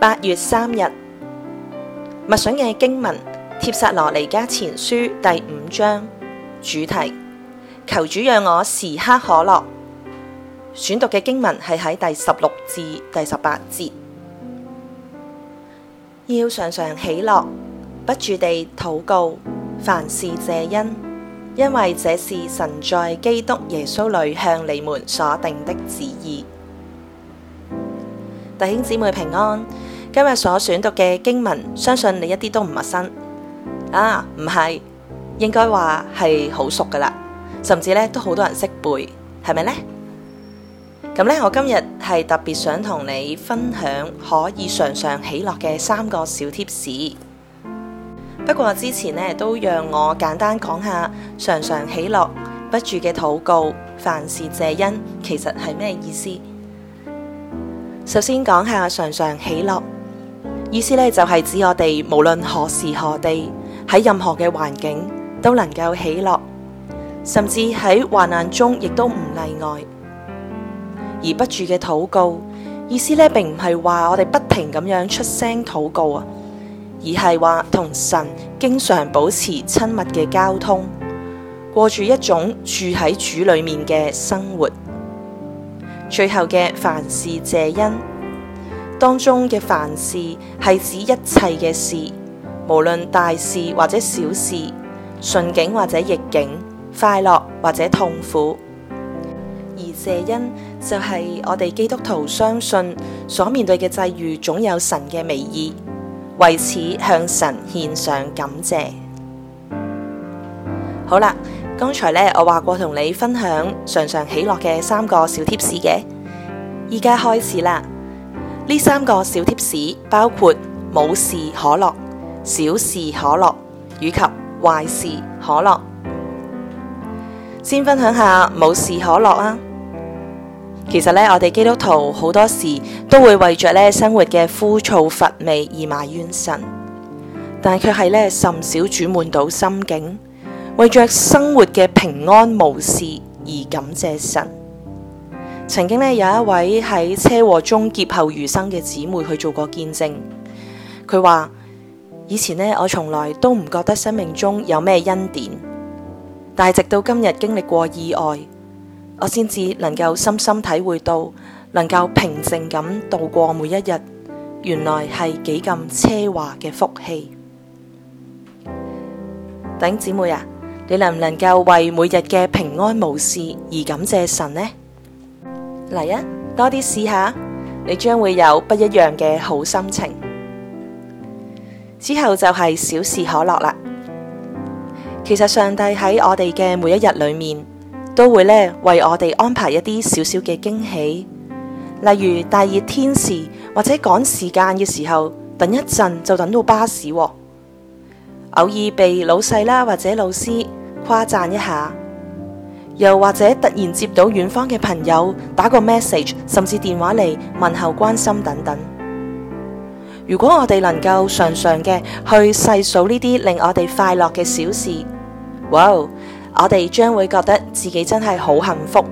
八月三日，默想嘅經文《帖撒羅尼迦前書》第五章，主題：求主讓我時刻可樂。選讀嘅經文係喺第十六至第十八節，要常常喜樂，不住地禱告，凡事謝恩，因為這是神在基督耶穌裏向你們所定的旨意。弟兄姊妹平安。今日所選讀嘅經文，相信你一啲都唔陌生啊，唔係，應該話係好熟噶啦，甚至咧都好多人識背，係咪咧？咁咧，我今日係特別想同你分享可以常常喜樂嘅三個小貼士。不過之前咧都讓我簡單講下常常喜樂，不住嘅禱告，凡事謝恩其實係咩意思？首先講下常常喜樂。意思咧就係指我哋無論何時何地喺任何嘅環境都能夠喜樂，甚至喺患難中亦都唔例外。而不住嘅禱告，意思咧並唔係話我哋不停咁樣出聲禱告啊，而係話同神經常保持親密嘅交通，過住一種住喺主裏面嘅生活。最後嘅凡事謝恩。當中嘅凡事係指一切嘅事，無論大事或者小事、順境或者逆境、快樂或者痛苦。而謝恩就係我哋基督徒相信所面對嘅際遇總有神嘅美意，為此向神獻上感謝。好啦，剛才呢，我話過同你分享常常喜樂嘅三個小貼士嘅，而家開始啦。呢三個小貼士包括冇事可樂、小事可樂以及壞事可樂。先分享下冇事可樂啊，其實呢，我哋基督徒好多時都會為着呢生活嘅枯燥乏味而埋怨神，但卻係呢甚少轉換到心境，為着生活嘅平安無事而感謝神。曾經咧，有一位喺車禍中劫後餘生嘅姊妹去做過見證。佢話以前呢，我從來都唔覺得生命中有咩恩典，但係直到今日經歷過意外，我先至能夠深深體會到，能夠平靜咁度過每一日，原來係幾咁奢華嘅福氣。弟兄姊妹啊，你能唔能夠為每日嘅平安無事而感謝神呢？嚟啊，多啲試下，你將會有不一樣嘅好心情。之後就係小事可樂啦。其實上帝喺我哋嘅每一日裏面，都會咧為我哋安排一啲小小嘅驚喜，例如大熱天時或者趕時間嘅時候，等一陣就等到巴士哦。偶爾被老細啦或者老師誇讚一下。又或者突然接到遠方嘅朋友打個 message，甚至電話嚟，問候關心等等。如果我哋能夠常常嘅去細數呢啲令我哋快樂嘅小事，哇、wow！我哋將會覺得自己真係好幸福，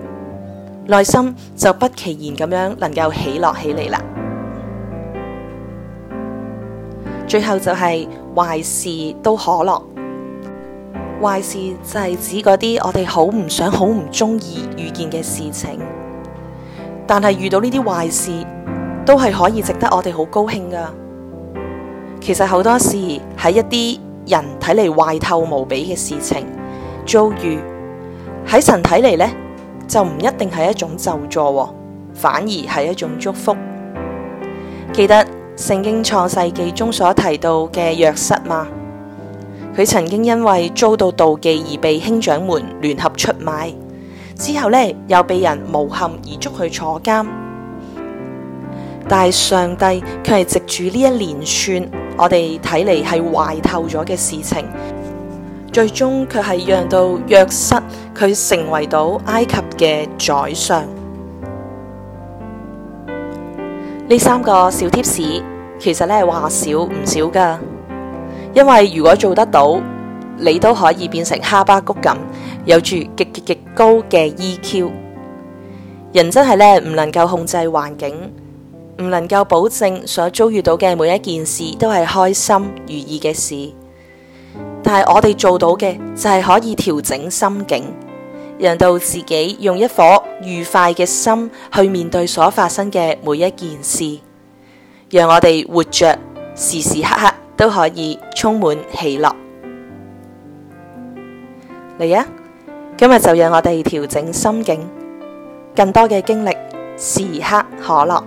內心就不期然咁樣能夠喜樂起嚟啦。最後就係、是、壞事都可樂。壞事就係指嗰啲我哋好唔想、好唔中意遇見嘅事情。但係遇到呢啲壞事，都係可以值得我哋好高興噶。其實好多事係一啲人睇嚟壞透無比嘅事情，遭遇喺神睇嚟咧，就唔一定係一種咒詛，反而係一種祝福。記得聖經創世記中所提到嘅約瑟嘛？佢曾經因為遭到妒忌而被兄長們聯合出賣，之後呢又被人誣陷而捉去坐監。但係上帝卻係藉住呢一連串我哋睇嚟係壞透咗嘅事情，最終卻係讓到約瑟佢成為到埃及嘅宰相。呢三個小貼士其實呢係話少唔少噶。因為如果做得到，你都可以變成哈巴谷咁，有住極極極高嘅 EQ。人真係咧，唔能夠控制環境，唔能夠保證所遭遇到嘅每一件事都係開心如意嘅事。但係我哋做到嘅就係可以調整心境，讓到自己用一顆愉快嘅心去面對所發生嘅每一件事，讓我哋活着時時刻刻，都可以充滿喜樂。嚟呀，今日就讓我哋調整心境，更多嘅經歷，時刻可樂。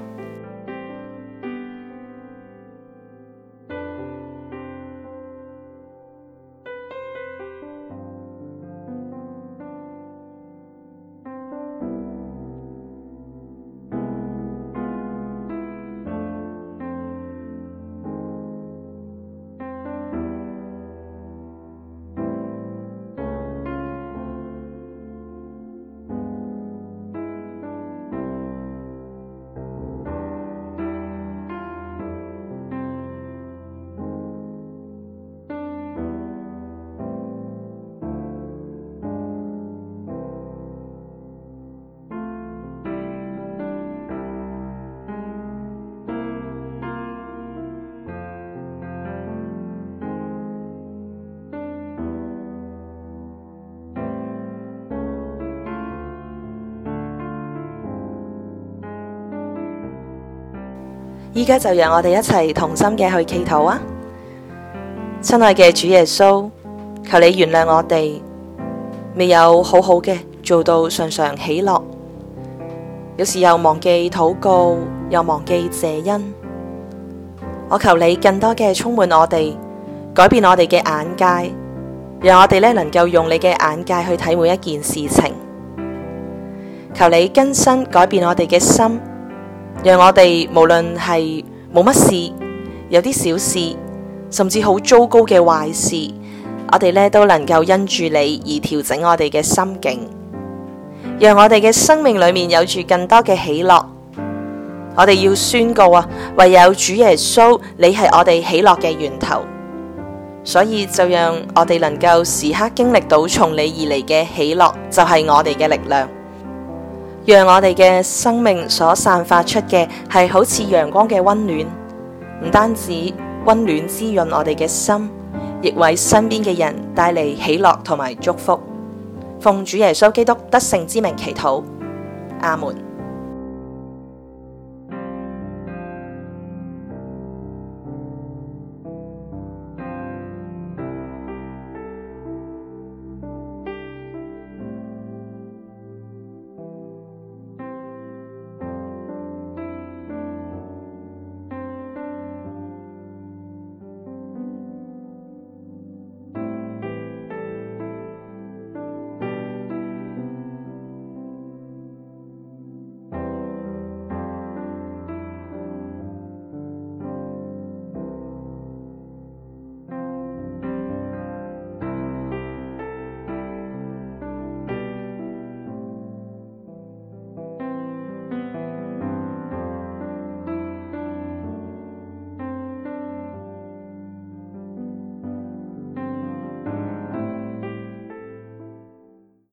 而家就讓我哋一齊同心嘅去祈禱啊！親愛嘅主耶穌，求你原諒我哋，未有好好嘅做到常常喜樂，有時又忘記禱告，又忘記謝恩。我求你更多嘅充滿我哋，改變我哋嘅眼界，讓我哋咧能夠用你嘅眼界去睇每一件事情。求你更新改變我哋嘅心。讓我哋無論係冇乜事，有啲小事，甚至好糟糕嘅壞事，我哋咧都能夠因住你而調整我哋嘅心境，讓我哋嘅生命裏面有住更多嘅喜樂。我哋要宣告啊，唯有主耶穌，你係我哋喜樂嘅源頭。所以就讓我哋能夠時刻經歷到從你而嚟嘅喜樂，就係我哋嘅力量。讓我哋嘅生命所散發出嘅係好似陽光嘅溫暖，唔單止溫暖滋潤我哋嘅心，亦為身邊嘅人帶嚟喜樂同埋祝福。奉主耶穌基督得勝之名祈禱，阿門。